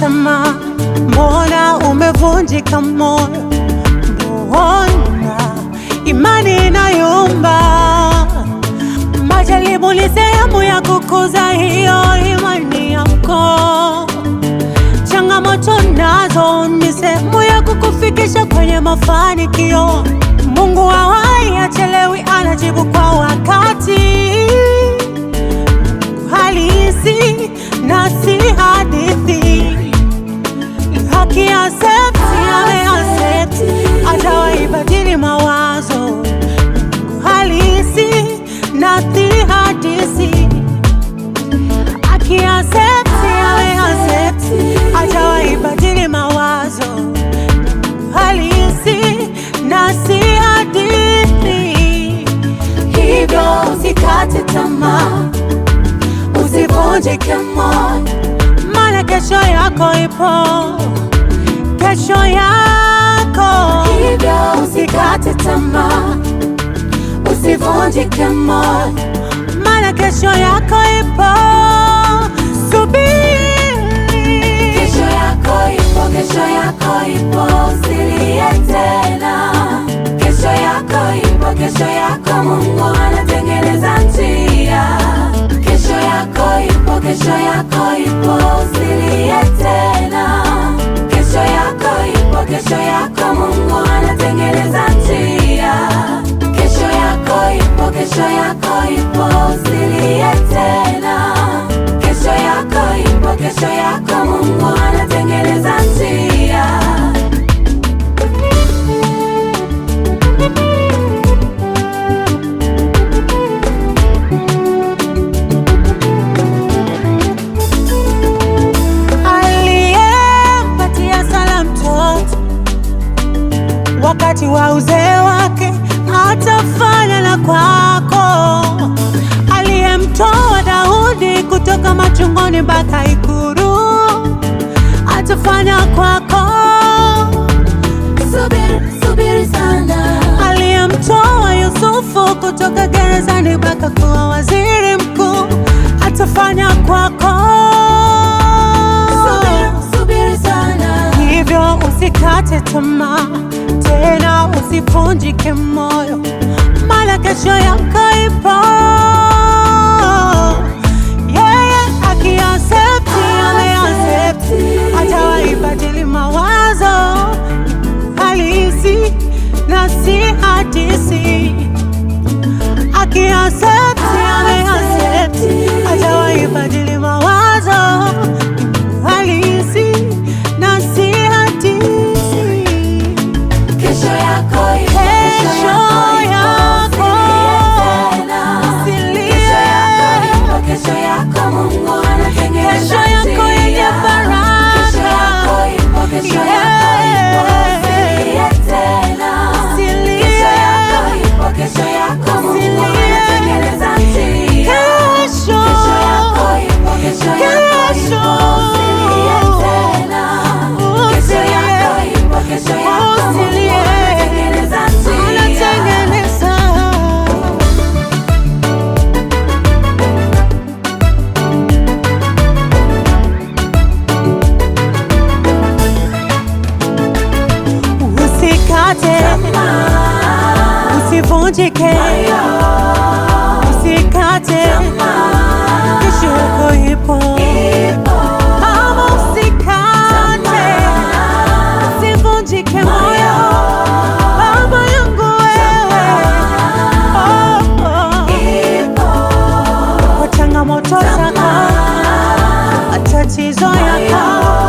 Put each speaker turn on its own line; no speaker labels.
tamaa, mbona umevunjika moyo? Mbona imani inayumba? Majaribu ni sehemu ya kukuza hiyo imani yako. Changamoto nazo ni sehemu ya kukufikisha kwenye mafanikio. Mungu hawai achelewi, anajibu kwa wakati. take Mana kesho yako ipo, kesho yako,
hivyo usikate tamaa, usivunjike moyo,
Mana kesho yako ipo wakati wa uzee wake atafanya na kwako. Aliyemtoa Daudi kutoka machungoni baka ikuru atafanya kwako.
Subiri, subiri sana.
Aliyemtoa Yusufu kutoka gerezani baka kuwa waziri mkuu atafanya kwako.
Subiri, subiri sana.
Hivyo usikate tamaa usivunjike moyo, mara kesho yako ipo. Usivunjike, usikate, kesho yako ipo. Mama, yako